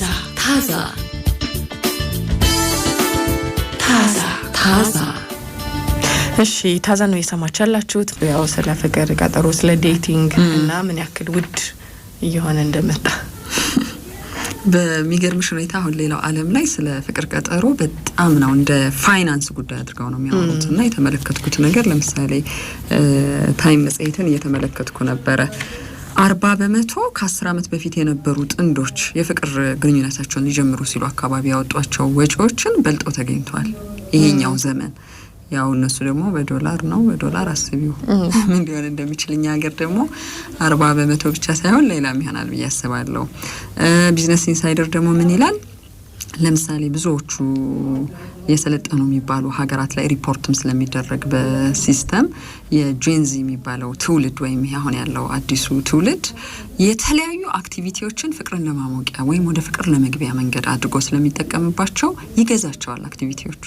ታዛ ታዛ ታዛ ታዛ እሺ ታዛ ነው የሰማች ያላችሁት። ያው ስለ ፍቅር ቀጠሮ፣ ስለ ዴቲንግ እና ምን ያክል ውድ እየሆነ እንደመጣ በሚገርምሽ ሁኔታ አሁን ሌላው ዓለም ላይ ስለ ፍቅር ቀጠሮ በጣም ነው እንደ ፋይናንስ ጉዳይ አድርገው ነው የሚያወሩት። እና የተመለከትኩት ነገር ለምሳሌ ታይም መጽሔትን እየተመለከትኩ ነበረ አርባ በመቶ ከአስር ዓመት በፊት የነበሩ ጥንዶች የፍቅር ግንኙነታቸውን ሊጀምሩ ሲሉ አካባቢ ያወጧቸው ወጪዎችን በልጦ ተገኝቷል። ይሄኛው ዘመን ያው እነሱ ደግሞ በዶላር ነው። በዶላር አስቢው ምን ሊሆን እንደሚችል። እኛ ሀገር ደግሞ አርባ በመቶ ብቻ ሳይሆን ሌላም ይሆናል ብዬ አስባለሁ። ቢዝነስ ኢንሳይደር ደግሞ ምን ይላል? ለምሳሌ ብዙዎቹ የሰለጠኑ የሚባሉ ሀገራት ላይ ሪፖርትም ስለሚደረግ በሲስተም የጄንዚ የሚባለው ትውልድ ወይም አሁን ያለው አዲሱ ትውልድ የተለያዩ አክቲቪቲዎችን ፍቅርን ለማሞቂያ ወይም ወደ ፍቅር ለመግቢያ መንገድ አድርጎ ስለሚጠቀምባቸው ይገዛቸዋል። አክቲቪቲዎቹ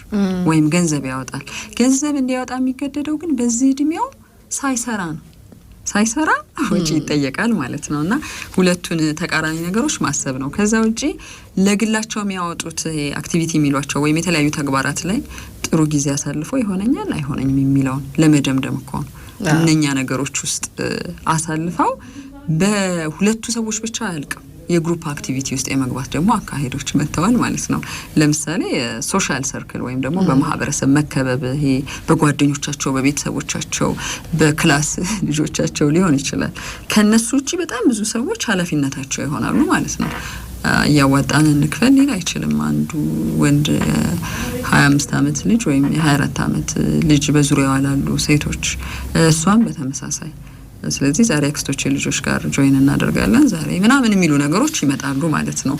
ወይም ገንዘብ ያወጣል። ገንዘብ እንዲያወጣ የሚገደደው ግን በዚህ እድሜው ሳይሰራ ነው። ሳይሰራ ወጪ ይጠየቃል ማለት ነው። እና ሁለቱን ተቃራኒ ነገሮች ማሰብ ነው። ከዛ ውጪ ለግላቸው የሚያወጡት አክቲቪቲ የሚሏቸው ወይም የተለያዩ ተግባራት ላይ ጥሩ ጊዜ አሳልፎ ይሆነኛል አይሆነኝም የሚለውን ለመደምደም እኮ ነው። እነኛ ነገሮች ውስጥ አሳልፈው በሁለቱ ሰዎች ብቻ አያልቅም። የግሩፕ አክቲቪቲ ውስጥ የመግባት ደግሞ አካሄዶች መጥተዋል ማለት ነው። ለምሳሌ የሶሻል ሰርክል ወይም ደግሞ በማህበረሰብ መከበብ ይሄ በጓደኞቻቸው በቤተሰቦቻቸው በክላስ ልጆቻቸው ሊሆን ይችላል። ከነሱ ውጭ በጣም ብዙ ሰዎች ኃላፊነታቸው ይሆናሉ ማለት ነው። እያዋጣን እንክፈል ሊል አይችልም። አንዱ ወንድ ሀያ አምስት አመት ልጅ ወይም የሀያ አራት አመት ልጅ በዙሪያዋ ላሉ ሴቶች እሷም በተመሳሳይ ስለዚህ ዛሬ አክስቶቼ ልጆች ጋር ጆይን እናደርጋለን ዛሬ ምናምን የሚሉ ነገሮች ይመጣሉ ማለት ነው።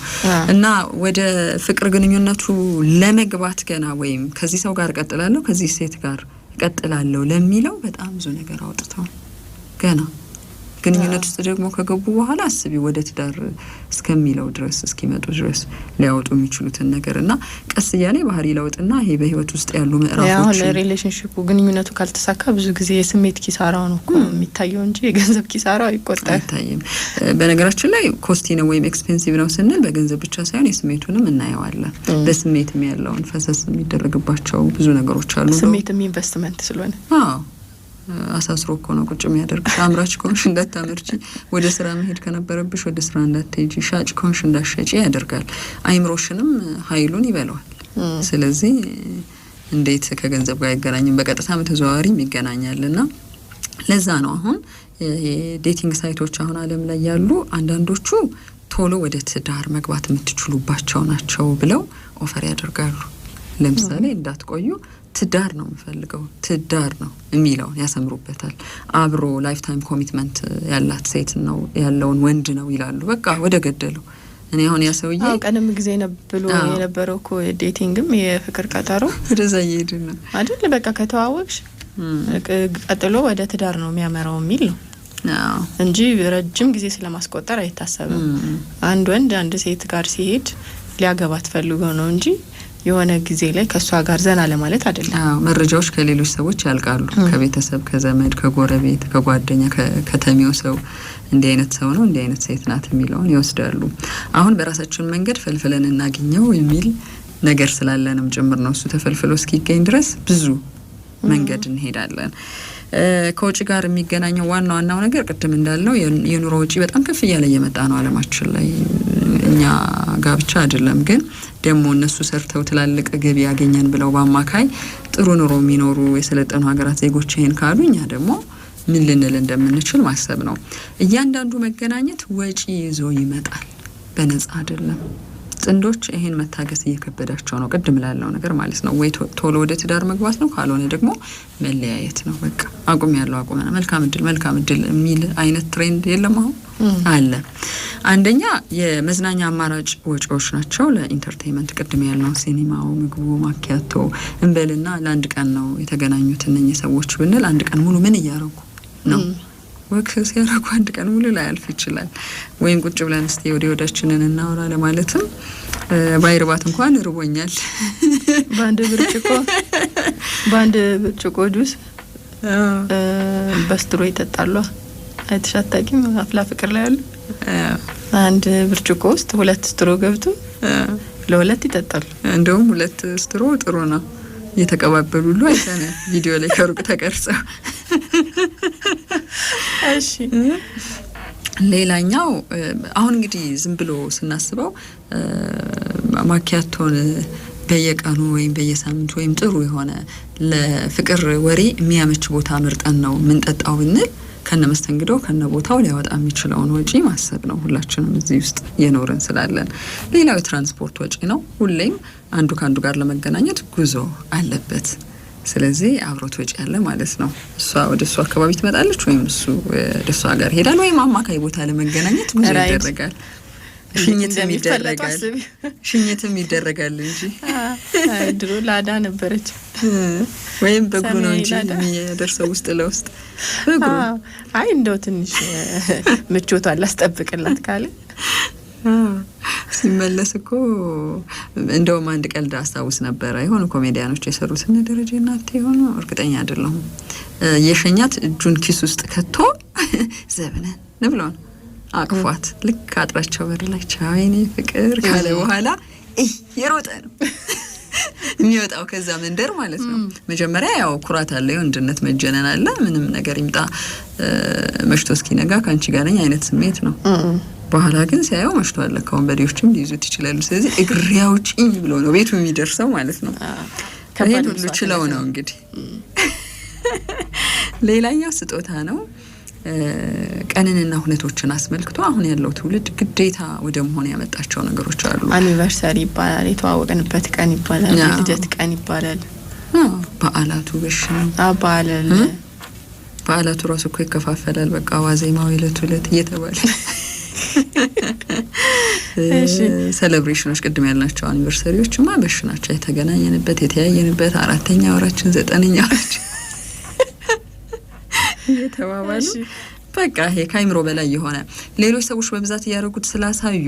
እና ወደ ፍቅር ግንኙነቱ ለመግባት ገና ወይም ከዚህ ሰው ጋር እቀጥላለሁ፣ ከዚህ ሴት ጋር እቀጥላለሁ ለሚለው በጣም ብዙ ነገር አውጥተዋል ገና ግንኙነት ውስጥ ደግሞ ከገቡ በኋላ አስቢ ወደ ትዳር እስከሚለው ድረስ እስኪመጡ ድረስ ሊያወጡ የሚችሉትን ነገር እና ቀስ እያለ ባህሪ ለውጥና ይሄ በህይወት ውስጥ ያሉ ምዕራፎች ሪሌሽንሽፑ ግንኙነቱ ካልተሳካ ብዙ ጊዜ የስሜት ኪሳራው ነው እኮ የሚታየው እንጂ የገንዘብ ኪሳራው አይቆጠር አይታይም። በነገራችን ላይ ኮስቲ ነው ወይም ኤክስፔንሲቭ ነው ስንል በገንዘብ ብቻ ሳይሆን የስሜቱንም እናየዋለን። በስሜትም ያለውን ፈሰስ የሚደረግባቸው ብዙ ነገሮች አሉ። ስሜትም ኢንቨስትመንት ስለሆነ አዎ አሳስሮ እኮ ነው ቁጭ የሚያደርግ። አምራች ከሆንሽ እንዳታመርጪ፣ ወደ ስራ መሄድ ከነበረብሽ ወደ ስራ እንዳትሄጂ፣ ሻጭ ከሆንሽ እንዳሸጪ ያደርጋል። አይምሮሽንም ኃይሉን ይበለዋል። ስለዚህ እንዴት ከገንዘብ ጋር አይገናኝም? በቀጥታም ተዘዋዋሪም ይገናኛል እና ለዛ ነው አሁን የዴቲንግ ሳይቶች አሁን አለም ላይ ያሉ አንዳንዶቹ ቶሎ ወደ ትዳር መግባት የምትችሉባቸው ናቸው ብለው ኦፈር ያደርጋሉ። ለምሳሌ እንዳትቆዩ ትዳር ነው የምፈልገው፣ ትዳር ነው የሚለውን ያሰምሩበታል። አብሮ ላይፍ ታይም ኮሚትመንት ያላት ሴት ነው ያለውን ወንድ ነው ይላሉ። በቃ ወደ ገደለው እኔ አሁን ያ ሰውዬ ቀደም ጊዜ ብሎ የነበረው እኮ ዴቲንግም የፍቅር ቀጠሮ ወደዛ እየሄድ ነው አይደል? በቃ ከተዋወቅሽ ቀጥሎ ወደ ትዳር ነው የሚያመራው የሚል ነው እንጂ ረጅም ጊዜ ስለማስቆጠር አይታሰብም። አንድ ወንድ አንድ ሴት ጋር ሲሄድ ሊያገባ ትፈልገው ነው እንጂ የሆነ ጊዜ ላይ ከእሷ ጋር ዘና ለማለት አይደለም። መረጃዎች ከሌሎች ሰዎች ያልቃሉ። ከቤተሰብ፣ ከዘመድ፣ ከጎረቤት፣ ከጓደኛ፣ ከተሚው ሰው እንዲህ አይነት ሰው ነው፣ እንዲህ አይነት ሴት ናት የሚለውን ይወስዳሉ። አሁን በራሳችን መንገድ ፈልፍለን እናገኘው የሚል ነገር ስላለንም ጭምር ነው። እሱ ተፈልፍሎ እስኪገኝ ድረስ ብዙ መንገድ እንሄዳለን። ከውጭ ጋር የሚገናኘው ዋና ዋናው ነገር ቅድም እንዳልነው የኑሮ ውጪ በጣም ከፍ እያለ እየመጣ ነው አለማችን ላይ እኛ ጋብቻ ብቻ አይደለም ግን ደግሞ እነሱ ሰርተው ትላልቅ ገቢ ያገኘን ብለው በአማካይ ጥሩ ኑሮ የሚኖሩ የሰለጠኑ ሀገራት ዜጎች ይሄን ካሉ እኛ ደግሞ ምን ልንል እንደምንችል ማሰብ ነው። እያንዳንዱ መገናኘት ወጪ ይዞ ይመጣል። በነጻ አይደለም። ጥንዶች ይሄን መታገስ እየከበዳቸው ነው። ቅድም ላለው ነገር ማለት ነው ወይ ቶሎ ወደ ትዳር መግባት ነው፣ ካልሆነ ደግሞ መለያየት ነው። በቃ አቁም ያለው አቁም መልካም እድል መልካም እድል የሚል አይነት ትሬንድ የለም አሁን አለ። አንደኛ የመዝናኛ አማራጭ ወጪዎች ናቸው ለኢንተርቴንመንት፣ ቅድም ያልነው ሲኒማው፣ ምግቡ፣ ማኪያቶ እንበልና ለአንድ ቀን ነው የተገናኙት እነኚህ ሰዎች ብንል አንድ ቀን ሙሉ ምን እያረጉ ነው ወክ ሲያደርጉ አንድ ቀን ሙሉ ላይ አልፍ ይችላል። ወይም ቁጭ ብለን እስቲ ወደ ወዳችንን እናውራ ለማለትም ባይርባት እንኳን እርቦኛል በአንድ ብርጭቆ በአንድ ብርጭቆ ጁስ በስትሮ ይጠጣሏ። አይተሽ አታውቂም? አፍላ ፍቅር ላይ ያሉ አንድ ብርጭቆ ውስጥ ሁለት ስትሮ ገብቶ ለሁለት ይጠጣሉ። እንደውም ሁለት ስትሮ ጥሩ ነው። እየተቀባበሉ ሁሉ አይተናል ቪዲዮ ላይ ከሩቅ ተቀርጸው እሺ ሌላኛው አሁን እንግዲህ ዝም ብሎ ስናስበው ማኪያቶን በየቀኑ ወይም በየሳምንቱ ወይም ጥሩ የሆነ ለፍቅር ወሬ የሚያመች ቦታ ምርጠን ነው የምንጠጣው ብንል ከነ መስተንግዶ ከነ ቦታው ሊያወጣ የሚችለውን ወጪ ማሰብ ነው። ሁላችንም እዚህ ውስጥ የኖርን ስላለን። ሌላው የትራንስፖርት ወጪ ነው። ሁሌም አንዱ ከአንዱ ጋር ለመገናኘት ጉዞ አለበት። ስለዚህ አብሮ ትወጪ ያለ ማለት ነው። እሷ ወደ እሱ አካባቢ ትመጣለች ወይም እሱ ወደ እሷ ጋር ይሄዳል ወይም አማካይ ቦታ ለመገናኘት ጉዞ ይደረጋል። ሽኝትም ይደረጋል ሽኝትም ይደረጋል እንጂ ድሮ ላዳ ነበረች ወይም በእግሩ ነው እንጂ የሚደርሰው ውስጥ ለውስጥ በእግሩ። አይ እንደው ትንሽ ምቾቷን ላስጠብቅላት ካለ ሲመለስ እኮ እንደውም አንድ ቀልድ አስታውስ ነበረ። የሆኑ ኮሜዲያኖች እነ ደረጀ እናቴ የሆኑ እርግጠኛ አይደለሁም። የሸኛት እጁን ኪስ ውስጥ ከቶ ዘብነን ንብሎን አቅፏት ልክ አጥራቸው በር ላይ ፍቅር ካለ በኋላ የሮጠ ነው የሚወጣው ከዛ መንደር ማለት ነው። መጀመሪያ ያው ኩራት አለ፣ የወንድነት መጀነን አለ። ምንም ነገር ይምጣ መሽቶ እስኪነጋ ከአንቺ ጋር ነኝ አይነት ስሜት ነው በኋላ ግን ሲያየው መሽቷል። አሁን በሬዎችም ሊይዙት ይችላሉ። ስለዚህ እግሬ አውጪኝ ብሎ ነው ቤቱ የሚደርሰው ማለት ነው። ይህን ሁሉ ችለው ነው እንግዲህ። ሌላኛው ስጦታ ነው። ቀንንና ሁነቶችን አስመልክቶ አሁን ያለው ትውልድ ግዴታ ወደ መሆን ያመጣቸው ነገሮች አሉ። አኒቨርሰሪ ይባላል፣ የተዋወቅንበት ቀን ይባላል፣ ልደት ቀን ይባላል። በዓላቱ በሽ ነው በዓላቱ ራሱ እኮ ይከፋፈላል። በቃ ዋዜማ፣ ዕለቱ እየተባለ ሴሌብሬሽኖች ቅድም ያልናቸው ማ በሽ ናቸው። የተገናኘንበት የተያየንበት አራተኛ ወራችን ዘጠነኛ ወራችን እየተባባሉ በቃ ይሄ ከአይምሮ በላይ የሆነ ሌሎች ሰዎች በብዛት እያደረጉት ስላሳዩ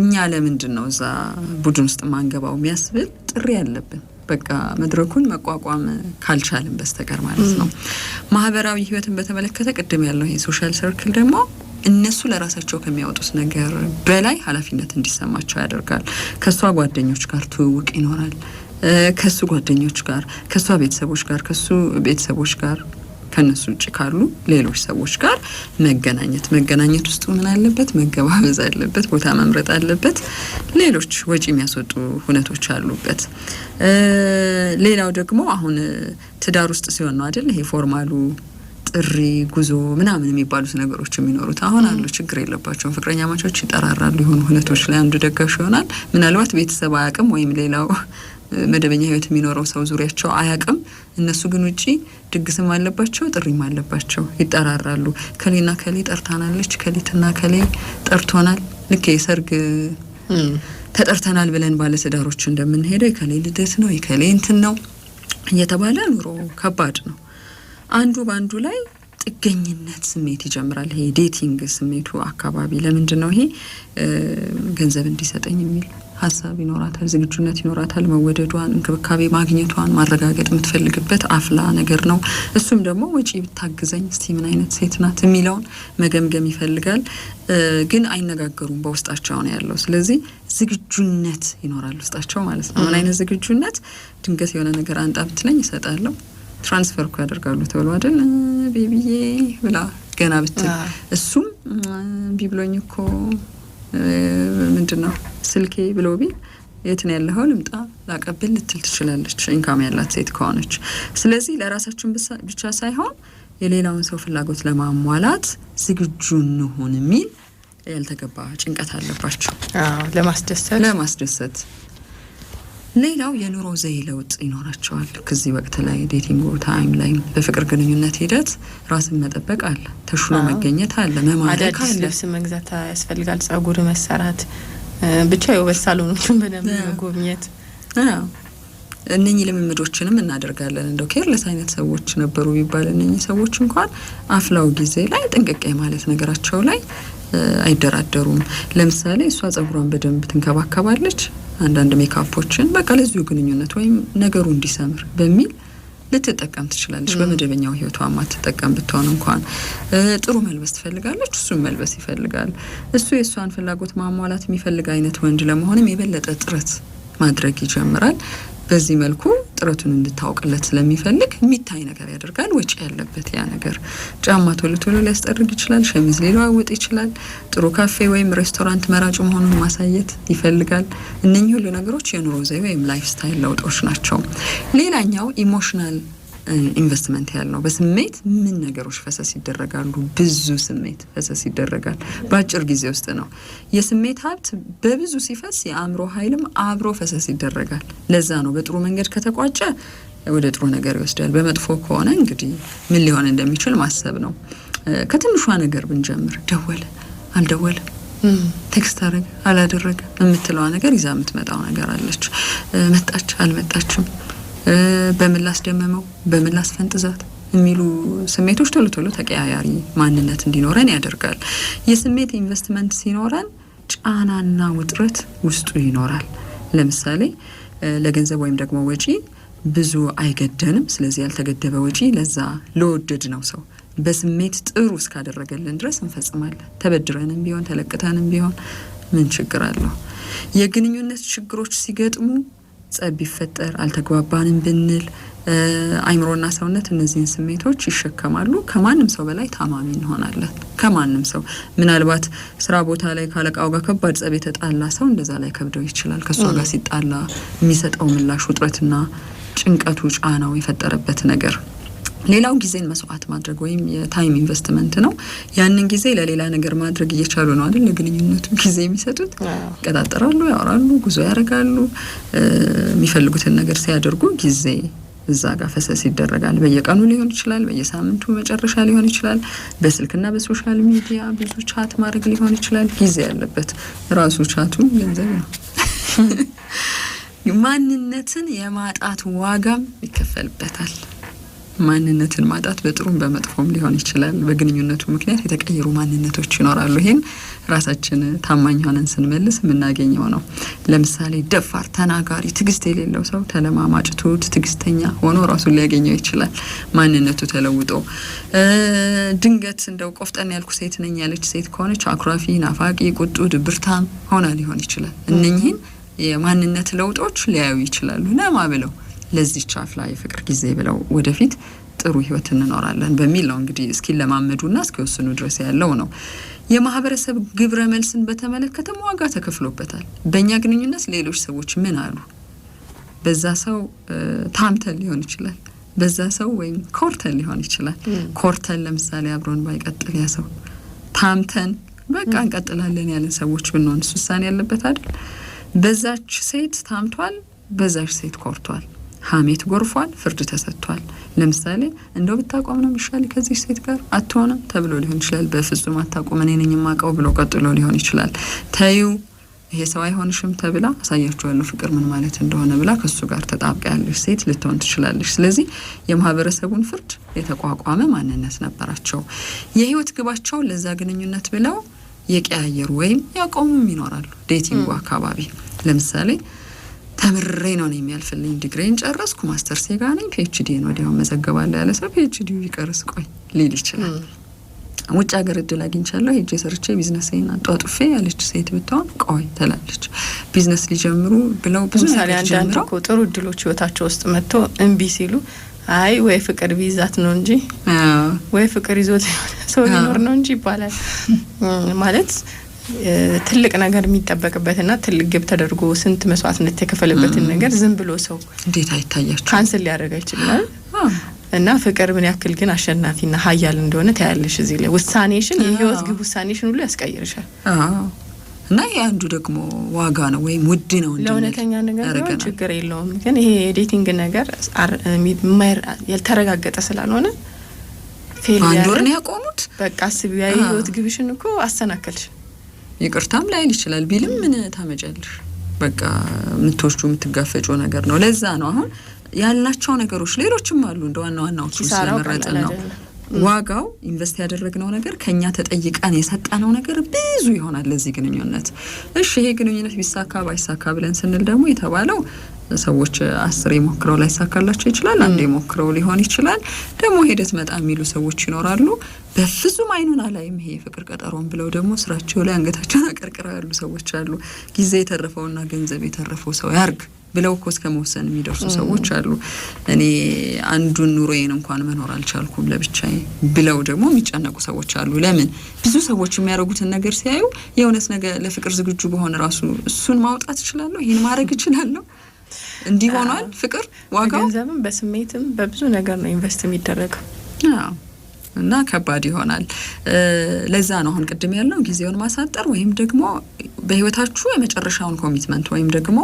እኛ ለምንድን ነው እዛ ቡድን ውስጥ ማንገባው የሚያስብል ጥሪ ያለብን። በቃ መድረኩን መቋቋም ካልቻልን በስተቀር ማለት ነው። ማህበራዊ ህይወትን በተመለከተ ቅድም ያለው ይሄ ሶሻል ሰርክል ደግሞ እነሱ ለራሳቸው ከሚያወጡት ነገር በላይ ኃላፊነት እንዲሰማቸው ያደርጋል። ከእሷ ጓደኞች ጋር ትውውቅ ይኖራል። ከሱ ጓደኞች ጋር፣ ከእሷ ቤተሰቦች ጋር፣ ከእሱ ቤተሰቦች ጋር ከነሱ ውጭ ካሉ ሌሎች ሰዎች ጋር መገናኘት መገናኘት ውስጡ ምን አለበት? መገባበዝ አለበት። ቦታ መምረጥ አለበት። ሌሎች ወጪ የሚያስወጡ ሁነቶች አሉበት። ሌላው ደግሞ አሁን ትዳር ውስጥ ሲሆን ነው አይደል ይሄ ፎርማሉ ጥሪ፣ ጉዞ ምናምን የሚባሉት ነገሮች የሚኖሩት አሁን አሉ። ችግር የለባቸውም። ፍቅረኛ ማቾች ይጠራራሉ። የሆኑ ሁነቶች ላይ አንዱ ደጋሽ ይሆናል። ምናልባት ቤተሰብ አያቅም ወይም ሌላው መደበኛ ህይወት የሚኖረው ሰው ዙሪያቸው አያቅም እነሱ ግን ውጪ ድግስም አለባቸው፣ ጥሪም አለባቸው። ይጠራራሉ። ከሌና ከሌ ጠርታናለች፣ ከሌትና ከሌ ጠርቶናል። ልክ የሰርግ ተጠርተናል ብለን ባለትዳሮች እንደምንሄደው የከሌ ልደት ነው የከሌ እንትን ነው እየተባለ ኑሮ ከባድ ነው። አንዱ በአንዱ ላይ ጥገኝነት ስሜት ይጀምራል። ይሄ ዴቲንግ ስሜቱ አካባቢ ለምንድን ነው ይሄ ገንዘብ እንዲሰጠኝ የሚል ሀሳብ ይኖራታል፣ ዝግጁነት ይኖራታል። መወደዷን፣ እንክብካቤ ማግኘቷን ማረጋገጥ የምትፈልግበት አፍላ ነገር ነው። እሱም ደግሞ ወጪ ብታግዘኝ እስቲ ምን አይነት ሴት ናት የሚለውን መገምገም ይፈልጋል። ግን አይነጋገሩም፣ በውስጣቸው ነው ያለው። ስለዚህ ዝግጁነት ይኖራል ውስጣቸው ማለት ነው። ምን አይነት ዝግጁነት? ድንገት የሆነ ነገር አንጣ ብትለኝ ይሰጣለሁ ትራንስፈር እኮ ያደርጋሉ ተብሎ አይደል ቤቢዬ ብላ ገና ብትል እሱም ቢብሎኝ እኮ ምንድን ነው ስልኬ ብሎ ቢ የትን ያለኸው ልምጣ ላቀብል ልትል ትችላለች፣ ኢንካም ያላት ሴት ከሆነች። ስለዚህ ለራሳችን ብቻ ሳይሆን የሌላውን ሰው ፍላጎት ለማሟላት ዝግጁ እንሆን የሚል ያልተገባ ጭንቀት አለባቸው ለማስደሰት ለማስደሰት ሌላው የኑሮ ዘይ ለውጥ ይኖራቸዋል። ከዚህ ወቅት ላይ ዴቲንግ ታይም ላይ በፍቅር ግንኙነት ሂደት ራስን መጠበቅ አለ፣ ተሽሎ መገኘት አለ፣ መማለክ አለ፣ ልብስ መግዛት ያስፈልጋል፣ ጸጉር መሰራት፣ ብቻ የውበት ሳሎኖችን በደንብ መጎብኘት እነኚህ ልምምዶችንም እናደርጋለን። እንደው ኬርለስ አይነት ሰዎች ነበሩ ቢባል እነኚህ ሰዎች እንኳን አፍላው ጊዜ ላይ ጥንቅቄ ማለት ነገራቸው ላይ አይደራደሩም። ለምሳሌ እሷ ጸጉሯን በደንብ ትንከባከባለች፣ አንዳንድ ሜካፖችን በቃ ለዚሁ ግንኙነት ወይም ነገሩ እንዲሰምር በሚል ልትጠቀም ትችላለች። በመደበኛው ህይወቷ ማትጠቀም ብትሆን እንኳን ጥሩ መልበስ ትፈልጋለች፣ እሱም መልበስ ይፈልጋል። እሱ የእሷን ፍላጎት ማሟላት የሚፈልግ አይነት ወንድ ለመሆንም የበለጠ ጥረት ማድረግ ይጀምራል። በዚህ መልኩ ጥረቱን እንድታውቅለት ስለሚፈልግ የሚታይ ነገር ያደርጋል። ወጪ ያለበት ያ ነገር ጫማ ቶሎ ቶሎ ሊያስጠርግ ይችላል። ሸሚዝ ሊለዋውጥ ይችላል። ጥሩ ካፌ ወይም ሬስቶራንት መራጭ መሆኑን ማሳየት ይፈልጋል። እነኚህ ሁሉ ነገሮች የኑሮ ዘይቤ ወይም ላይፍ ስታይል ለውጦች ናቸው። ሌላኛው ኢሞሽናል ኢንቨስትመንት ያህል ነው። በስሜት ምን ነገሮች ፈሰስ ይደረጋሉ። ብዙ ስሜት ፈሰስ ይደረጋል በአጭር ጊዜ ውስጥ ነው። የስሜት ሀብት በብዙ ሲፈስ የአእምሮ ኃይልም አብሮ ፈሰስ ይደረጋል። ለዛ ነው በጥሩ መንገድ ከተቋጨ ወደ ጥሩ ነገር ይወስዳል። በመጥፎ ከሆነ እንግዲህ ምን ሊሆን እንደሚችል ማሰብ ነው። ከትንሿ ነገር ብንጀምር ደወለ አልደወለ ቴክስት አረገ አላደረገ የምትለዋ ነገር ይዛ የምትመጣው ነገር አለች። መጣች አልመጣችም በምን ላስደመመው፣ በምን ላስፈንጥዛት የሚሉ ስሜቶች ቶሎ ቶሎ ተቀያያሪ ማንነት እንዲኖረን ያደርጋል። የስሜት ኢንቨስትመንት ሲኖረን ጫናና ውጥረት ውስጡ ይኖራል። ለምሳሌ ለገንዘብ ወይም ደግሞ ወጪ ብዙ አይገደንም። ስለዚህ ያልተገደበ ወጪ ለዛ ለወደድ ነው ሰው በስሜት ጥሩ እስካደረገልን ድረስ እንፈጽማለን። ተበድረንም ቢሆን ተለቅተንም ቢሆን ምን ችግር አለው? የግንኙነት ችግሮች ሲገጥሙ ጸብ ቢፈጠር አልተግባባንም ብንል አይምሮና ሰውነት እነዚህን ስሜቶች ይሸከማሉ። ከማንም ሰው በላይ ታማሚ እንሆናለን። ከማንም ሰው ምናልባት ስራ ቦታ ላይ ካለቃው ጋር ከባድ ጸብ የተጣላ ሰው እንደዛ ላይ ከብደው ይችላል። ከእሷ ጋር ሲጣላ የሚሰጠው ምላሽ ውጥረትና ጭንቀቱ ጫናው የፈጠረበት ነገር ሌላው ጊዜን መስዋዕት ማድረግ ወይም የታይም ኢንቨስትመንት ነው። ያንን ጊዜ ለሌላ ነገር ማድረግ እየቻሉ ነው አይደል? ለግንኙነቱ ጊዜ የሚሰጡት ይቀጣጠራሉ፣ ያወራሉ፣ ጉዞ ያደርጋሉ። የሚፈልጉትን ነገር ሲያደርጉ ጊዜ እዛ ጋር ፈሰስ ይደረጋል። በየቀኑ ሊሆን ይችላል፣ በየሳምንቱ መጨረሻ ሊሆን ይችላል። በስልክና በሶሻል ሚዲያ ብዙ ቻት ማድረግ ሊሆን ይችላል። ጊዜ ያለበት ራሱ ቻቱ ገንዘብ ነው። ማንነትን የማጣት ዋጋም ይከፈልበታል። ማንነትን ማጣት በጥሩም በመጥፎም ሊሆን ይችላል። በግንኙነቱ ምክንያት የተቀየሩ ማንነቶች ይኖራሉ። ይህን ራሳችን ታማኝ ሆነን ስንመልስ የምናገኘው ነው። ለምሳሌ ደፋር፣ ተናጋሪ፣ ትግስት የሌለው ሰው ተለማማጭ፣ ትሁት፣ ሆኖ ራሱን ሊያገኘው ይችላል ማንነቱ ተለውጦ። ድንገት እንደው ቆፍጠን ያልኩ ሴት ነኝ ያለች ሴት ከሆነች አኩራፊ፣ ናፋቂ፣ ቁጡ፣ ድብርታም ሆና ሊሆን ይችላል። እነኚህን የማንነት ለውጦች ሊያዩ ይችላሉ ለማ ብለው ቻፍ ላይ የፍቅር ጊዜ ብለው ወደፊት ጥሩ ህይወት እንኖራለን በሚል ነው እንግዲህ እስኪለማመዱና እስኪወስኑ ድረስ ያለው ነው። የማህበረሰብ ግብረ መልስን በተመለከተም ዋጋ ተከፍሎበታል። በእኛ ግንኙነት ሌሎች ሰዎች ምን አሉ፣ በዛ ሰው ታምተን ሊሆን ይችላል፣ በዛ ሰው ወይም ኮርተን ሊሆን ይችላል። ኮርተን ለምሳሌ አብሮን ባይቀጥል ያ ሰው ታምተን በቃ እንቀጥላለን ያለን ሰዎች ብንሆን ውሳኔ ያለበት አይደል? በዛች ሴት ታምቷል፣ በዛች ሴት ኮርቷል ሀሜት ጎርፏል፣ ፍርድ ተሰጥቷል። ለምሳሌ እንደው ብታቋም ነው የሚሻል ከዚህ ሴት ጋር አትሆንም ተብሎ ሊሆን ይችላል። በፍጹም አታቁም እኔ ነኝ የማውቀው ብሎ ቀጥሎ ሊሆን ይችላል። ተዩ ይሄ ሰው አይሆንሽም ተብላ አሳያችኋለሁ ፍቅር ምን ማለት እንደሆነ ብላ ከሱ ጋር ተጣብቃ ያለች ሴት ልትሆን ትችላለች። ስለዚህ የማህበረሰቡን ፍርድ የተቋቋመ ማንነት ነበራቸው። የህይወት ግባቸው ለዛ ግንኙነት ብለው የቀያየሩ ወይም ያቆሙም ይኖራሉ። ዴቲንጉ አካባቢ ለምሳሌ ተምሬ ነው የሚያልፍልኝ። ዲግሪን ጨረስኩ፣ ማስተር ሴጋ ነኝ፣ ነው ወዲያው መዘገባለሁ ያለ ሰው ፒኤችዲው ይቀርስ ቆይ ሊል ይችላል። ውጭ ሀገር እድል አግኝቻለሁ ሄጄ ሰርቼ ቢዝነሴን አጧጡፌ ያለች ሴት ብትሆን ቆይ ትላለች። ቢዝነስ ሊጀምሩ ብለው ብዙ ምሳሌ አንዳንድ እኮ ጥሩ እድሎች ህይወታቸው ውስጥ መጥቶ እምቢ ሲሉ አይ ወይ ፍቅር ቢይዛት ነው እንጂ ወይ ፍቅር ይዞት ሰው ሊኖር ነው እንጂ ይባላል ማለት ትልቅ ነገር የሚጠበቅበትና ትልቅ ግብ ተደርጎ ስንት መስዋዕትነት የከፈለበትን ነገር ዝም ብሎ ሰው እንዴት አይታያቸው ካንስል ሊያደርግ ይችላል። እና ፍቅር ምን ያክል ግን አሸናፊና ሀያል እንደሆነ ታያለሽ። እዚህ ላይ ውሳኔሽን የህይወት ግብ ውሳኔሽን ሁሉ ያስቀይርሻል። እና አንዱ ደግሞ ዋጋ ነው ወይም ውድ ነው። ለእውነተኛ ነገር ቢሆን ችግር የለውም። ግን ይሄ የዴቲንግ ነገር ያልተረጋገጠ ስላልሆነ ፌል ያቆሙት። በቃ አስቢ፣ የህይወት ግብሽን እኮ አሰናከልሽ። ይቅርታም ላይል ይችላል ቢልም ምን ታመጫለሽ? በቃ የምትወስዱ የምትጋፈጩ ነገር ነው። ለዛ ነው አሁን ያላቸው ነገሮች ሌሎችም አሉ። እንደ ዋና ዋናዎቹ ስለመረጥን ነው ዋጋው ኢንቨስት ያደረግነው ነገር ከኛ ተጠይቀን የሰጠነው ነገር ብዙ ይሆናል ለዚህ ግንኙነት። እሺ ይሄ ግንኙነት ቢሳካ ባይሳካ ብለን ስንል ደግሞ የተባለው ሰዎች አስር የሞክረው ላይ ሳካላቸው ይችላል። አንድ የሞክረው ሊሆን ይችላል። ደግሞ ሄደት መጣ የሚሉ ሰዎች ይኖራሉ። በፍጹም አይኑን አላይም ይሄ የፍቅር ቀጠሮን ብለው ደግሞ ስራቸው ላይ አንገታቸውን አቀርቅረው ያሉ ሰዎች አሉ። ጊዜ የተረፈውና ገንዘብ የተረፈው ሰው ያርግ ብለው እኮ እስከ መወሰን የሚደርሱ ሰዎች አሉ። እኔ አንዱን ኑሮዬን እንኳን መኖር አልቻልኩም ለብቻዬ ብለው ደግሞ የሚጨነቁ ሰዎች አሉ። ለምን ብዙ ሰዎች የሚያደርጉትን ነገር ሲያዩ የእውነት ነገ ለፍቅር ዝግጁ በሆነ ራሱ እሱን ማውጣት እችላለሁ፣ ይህን ማድረግ እችላለሁ እንዲህ ሆኗል። ፍቅር ዋጋው ገንዘብም በስሜትም በብዙ ነገር ነው ኢንቨስት የሚደረገው እና ከባድ ይሆናል። ለዛ ነው አሁን ቅድም ያለው ጊዜውን ማሳጠር ወይም ደግሞ በህይወታችሁ የመጨረሻውን ኮሚትመንት ወይም ደግሞ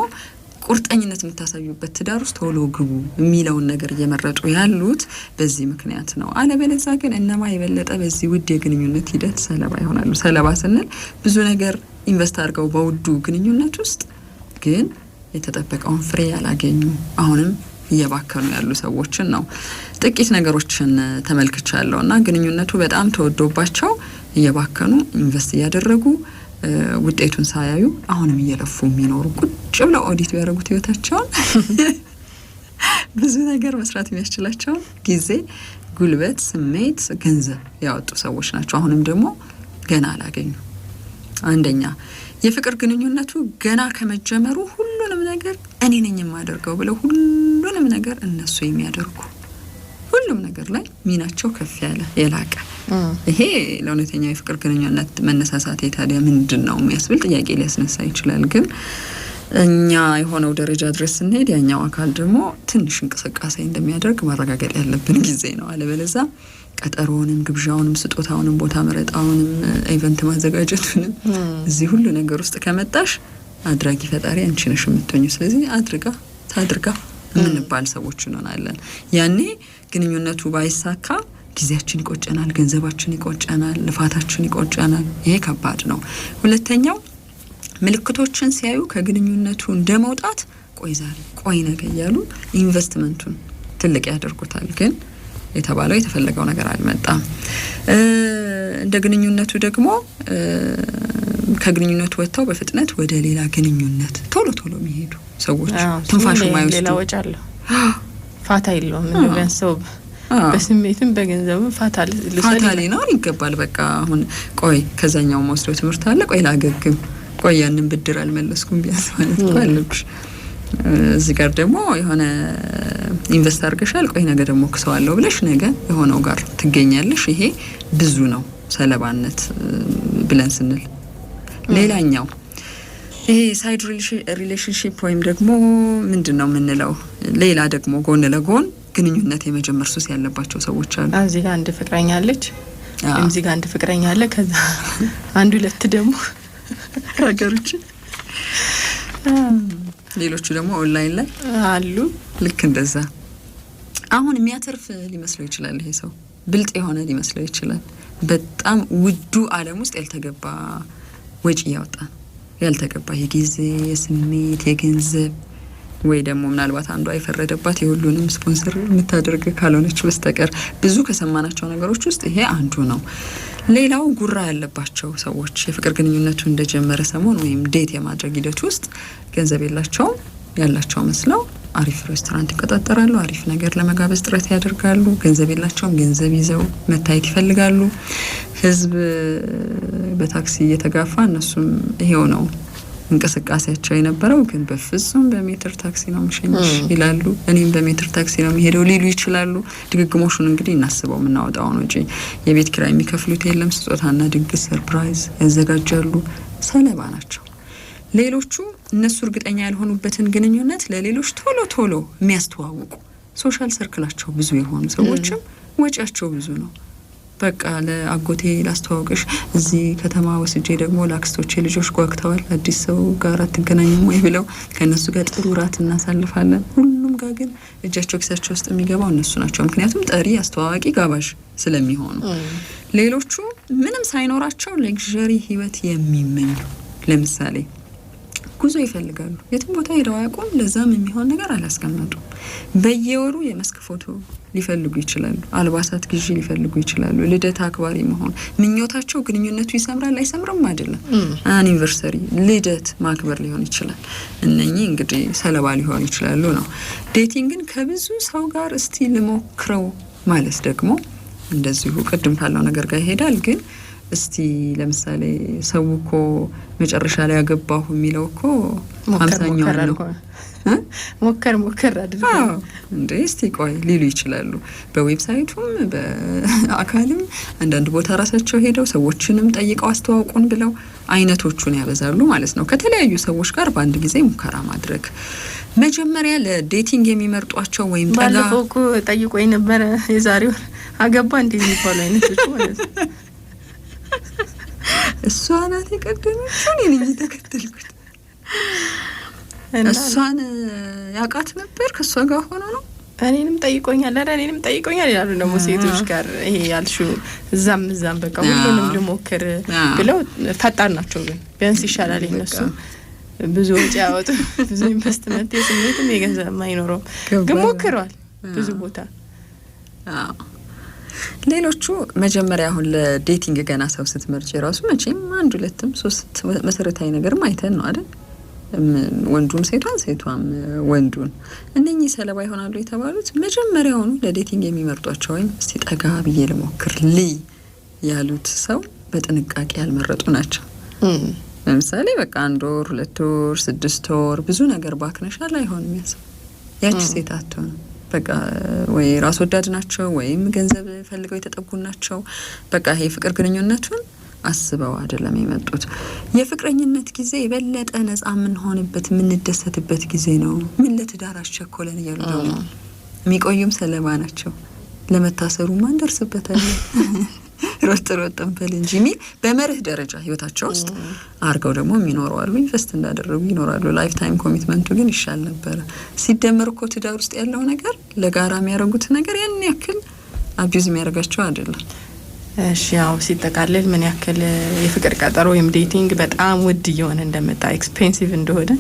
ቁርጠኝነት የምታሳዩበት ትዳር ውስጥ ቶሎ ግቡ የሚለውን ነገር እየመረጡ ያሉት በዚህ ምክንያት ነው። አለበለዛ ግን እነማ የበለጠ በዚህ ውድ የግንኙነት ሂደት ሰለባ ይሆናሉ። ሰለባ ስንል ብዙ ነገር ኢንቨስት አድርገው በውዱ ግንኙነት ውስጥ ግን የተጠበቀውን ፍሬ ያላገኙ አሁንም እየባከኑ ያሉ ሰዎችን ነው። ጥቂት ነገሮችን ተመልክቻለሁ እና ግንኙነቱ በጣም ተወዶባቸው እየባከኑ ኢንቨስት እያደረጉ ውጤቱን ሳያዩ አሁንም እየለፉ የሚኖሩ ቁጭ ብለው ኦዲት ያደረጉት ህይወታቸውን ብዙ ነገር መስራት የሚያስችላቸው ጊዜ፣ ጉልበት፣ ስሜት፣ ገንዘብ ያወጡ ሰዎች ናቸው። አሁንም ደግሞ ገና አላገኙ። አንደኛ የፍቅር ግንኙነቱ ገና ከመጀመሩ ነገር እኔ ነኝ የማደርገው ብለው ሁሉንም ነገር እነሱ የሚያደርጉ ሁሉም ነገር ላይ ሚናቸው ከፍ ያለ የላቀ ይሄ ለእውነተኛው የፍቅር ግንኙነት መነሳሳት ታዲያ ምንድን ነው የሚያስብል ጥያቄ ሊያስነሳ ይችላል። ግን እኛ የሆነው ደረጃ ድረስ ስንሄድ ያኛው አካል ደግሞ ትንሽ እንቅስቃሴ እንደሚያደርግ ማረጋገጥ ያለብን ጊዜ ነው። አለበለዛ ቀጠሮውንም፣ ግብዣውንም፣ ስጦታውንም፣ ቦታ መረጣውንም፣ ኢቨንት ማዘጋጀቱንም እዚህ ሁሉ ነገር ውስጥ ከመጣሽ አድራጊ ፈጣሪ አንቺ ነሽ የምትሆኙ። ስለዚህ አድርጋ ታድርጋ የምንባል ሰዎች እንሆናለን። ያኔ ግንኙነቱ ባይሳካ ጊዜያችን ይቆጨናል፣ ገንዘባችን ይቆጨናል፣ ልፋታችን ይቆጨናል። ይሄ ከባድ ነው። ሁለተኛው ምልክቶችን ሲያዩ ከግንኙነቱ እንደ መውጣት ቆይ ዛሬ ቆይ ነገ እያሉ ኢንቨስትመንቱን ትልቅ ያደርጉታል። ግን የተባለው የተፈለገው ነገር አልመጣም። እንደ ግንኙነቱ ደግሞ ከግንኙነት ወጥተው በፍጥነት ወደ ሌላ ግንኙነት ቶሎ ቶሎ የሚሄዱ ሰዎች ትንፋሽ ማይወስዱ ፋታ የለውም። ቢያንስ ሰው በስሜትም በገንዘብም ፋታ ፋታ ሊኖር ይገባል። በቃ አሁን ቆይ ከዛኛው መወስደው ትምህርት አለ፣ ቆይ ላገግም፣ ቆይ ያንን ብድር አልመለስኩም ቢያንስ ማለት አለብሽ። እዚህ ጋር ደግሞ የሆነ ኢንቨስት አድርገሻል፣ ቆይ ነገ ደግሞ ክሰዋለሁ ብለሽ ነገ የሆነው ጋር ትገኛለሽ። ይሄ ብዙ ነው ሰለባነት ብለን ስንል ሌላኛው ይሄ ሳይድ ሪሌሽንሽፕ ወይም ደግሞ ምንድን ነው የምንለው፣ ሌላ ደግሞ ጎን ለጎን ግንኙነት የመጀመር ሱስ ያለባቸው ሰዎች አሉ። እዚህ ጋር አንድ ፍቅረኛ አለች፣ እዚህ ጋር አንድ ፍቅረኛ አለ፣ ከዛ አንድ ሁለት ደግሞ ሀገሮች፣ ሌሎቹ ደግሞ ኦንላይን ላይ አሉ። ልክ እንደዛ አሁን የሚያተርፍ ሊመስለው ይችላል። ይሄ ሰው ብልጥ የሆነ ሊመስለው ይችላል። በጣም ውዱ ዓለም ውስጥ ያልተገባ ወጪ ያወጣ ያልተገባ የጊዜ፣ የስሜት፣ የገንዘብ ወይ ደግሞ ምናልባት አንዷ የፈረደባት የሁሉንም ስፖንሰር የምታደርግ ካልሆነች በስተቀር ብዙ ከሰማናቸው ነገሮች ውስጥ ይሄ አንዱ ነው። ሌላው ጉራ ያለባቸው ሰዎች የፍቅር ግንኙነቱ እንደጀመረ ሰሞን ወይም ዴት የማድረግ ሂደት ውስጥ ገንዘብ የላቸውም ያላቸው መስለው አሪፍ ሬስቶራንት ይቀጣጠራሉ። አሪፍ ነገር ለመጋበዝ ጥረት ያደርጋሉ። ገንዘብ የላቸውም፣ ገንዘብ ይዘው መታየት ይፈልጋሉ። ህዝብ በታክሲ እየተጋፋ እነሱም ይሄው ነው እንቅስቃሴያቸው የነበረው። ግን በፍጹም በሜትር ታክሲ ነው ምሸኝሽ ይላሉ። እኔም በሜትር ታክሲ ነው የሚሄደው ሊሉ ይችላሉ። ድግግሞሹን እንግዲህ እናስበው፣ የምናወጣውን ወጪ የቤት ኪራይ የሚከፍሉት የለም። ስጦታና ድግስ ሰርፕራይዝ ያዘጋጃሉ። ሰለባ ናቸው። ሌሎቹ እነሱ እርግጠኛ ያልሆኑበትን ግንኙነት ለሌሎች ቶሎ ቶሎ የሚያስተዋውቁ ሶሻል ሰርክላቸው ብዙ የሆኑ ሰዎችም ወጪያቸው ብዙ ነው። በቃ ለአጎቴ ላስተዋወቅሽ፣ እዚህ ከተማ ወስጄ ደግሞ ለአክስቶቼ ልጆች ጓግተዋል፣ አዲስ ሰው ጋር አትገናኝም ወይ ብለው ከእነሱ ጋር ጥሩ ራት እናሳልፋለን። ሁሉም ጋር ግን እጃቸው ኪሳቸው ውስጥ የሚገባው እነሱ ናቸው። ምክንያቱም ጠሪ፣ አስተዋዋቂ፣ ጋባዥ ስለሚሆኑ ሌሎቹ ምንም ሳይኖራቸው ለግሪ ህይወት የሚመኙ ለምሳሌ ጉዞ ይፈልጋሉ። የትም ቦታ ሄደው አያውቁም። ለዛም የሚሆን ነገር አላስቀመጡም። በየወሩ የመስክ ፎቶ ሊፈልጉ ይችላሉ። አልባሳት ግዢ ሊፈልጉ ይችላሉ። ልደት አክባሪ መሆን ምኞታቸው። ግንኙነቱ ይሰምራል አይሰምርም አይደለም። አኒቨርሰሪ፣ ልደት ማክበር ሊሆን ይችላል። እነኚህ እንግዲህ ሰለባ ሊሆኑ ይችላሉ ነው። ዴቲንግን ከብዙ ሰው ጋር እስቲ ልሞክረው ማለት ደግሞ እንደዚሁ ቅድም ካለው ነገር ጋር ይሄዳል ግን እስቲ ለምሳሌ ሰው እኮ መጨረሻ ላይ ያገባሁ የሚለው እኮ ሀምሳኛው ነው። ሞከር ሞከር አድርገው እንዴ እስቲ ቆይ ሊሉ ይችላሉ። በዌብሳይቱም በአካልም አንዳንድ ቦታ ራሳቸው ሄደው ሰዎችንም ጠይቀው አስተዋውቁን ብለው አይነቶቹን ያበዛሉ ማለት ነው። ከተለያዩ ሰዎች ጋር በአንድ ጊዜ ሙከራ ማድረግ መጀመሪያ ለዴቲንግ የሚመርጧቸው ወይም ባለፈው እኮ ጠይቆ የነበረ የዛሬው አገባ እንዲ የሚባሉ አይነቶች ማለት ነው እሷ ናት የቀደመችው። እኔ ነኝ የተከተልኩት። እሷን ያውቃት ነበር። ከእሷ ጋር ሆኖ ነው እኔንም ጠይቆኛል። ኧረ እኔንም ጠይቆኛል ይላሉ ደግሞ ሴቶች ጋር ይሄ ያልሽው እዛም እዛም በቃ ሁሉንም ልሞክር ብለው ፈጣን ናቸው። ግን ቢያንስ ይሻላል የነሱ ብዙ ወጪ ያወጡ ብዙ ኢንቨስትመንት የስሜትም የገንዘብ አይኖረውም። ግን ሞክረዋል ብዙ ቦታ ሌሎቹ መጀመሪያ አሁን ለዴቲንግ ገና ሰው ስትመርጭ የራሱ መቼም አንድ ሁለትም ሶስት መሰረታዊ ነገርም አይተን ነው አይደል? ወንዱም ሴቷን ሴቷም ወንዱን። እነኚህ ሰለባ ይሆናሉ የተባሉት መጀመሪያውኑ ለዴቲንግ የሚመርጧቸው ወይም እስቲ ጠጋ ብዬ ልሞክር ልይ ያሉት ሰው በጥንቃቄ ያልመረጡ ናቸው። ለምሳሌ በቃ አንድ ወር፣ ሁለት ወር፣ ስድስት ወር ብዙ ነገር ባክነሻል አይሆንም። ያሰው ያቺ ሴት አትሆንም በቃ ወይ ራስ ወዳድ ናቸው ወይም ገንዘብ ፈልገው የተጠጉ ናቸው። በቃ ይሄ ፍቅር ግንኙነቱን አስበው አይደለም የመጡት። የፍቅረኝነት ጊዜ የበለጠ ነጻ የምንሆንበት የምንደሰትበት ጊዜ ነው። ምን ለትዳር አስቸኮለን እያሉ የሚቆዩም ሰለባ ናቸው። ለመታሰሩ ማን እንደርስበታለን። ሮጥ ሮጥ እንበል እንጂ የሚል በመርህ ደረጃ ህይወታቸው ውስጥ አድርገው ደግሞ የሚኖሩ አሉ። ኢንቨስት እንዳደረጉ ይኖራሉ። ላይፍ ታይም ኮሚትመንቱ ግን ይሻል ነበረ። ሲደመር እኮ ትዳር ውስጥ ያለው ነገር ለጋራ የሚያደርጉት ነገር ያን ያክል አቢዝ የሚያደርጋቸው አይደለም። እሺ ያው ሲጠቃልል ምን ያክል የፍቅር ቀጠሮ ወይም ዴቲንግ በጣም ውድ እየሆነ እንደመጣ ኤክስፔንሲቭ እንደሆነ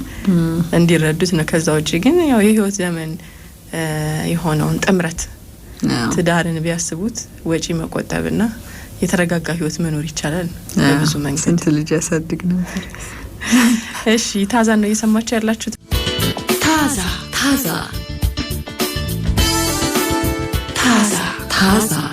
እንዲረዱት ነው። ከዛ ውጭ ግን ያው የህይወት ዘመን የሆነውን ጥምረት ትዳርን ቢያስቡት ወጪ መቆጠብና የተረጋጋ ህይወት መኖር ይቻላል በብዙ መንገድ። ስንት ልጅ ያሳድግ ነበር። እሺ ታዛ ነው እየሰማችሁ ያላችሁት። ታዛ ታዛ ታዛ ታዛ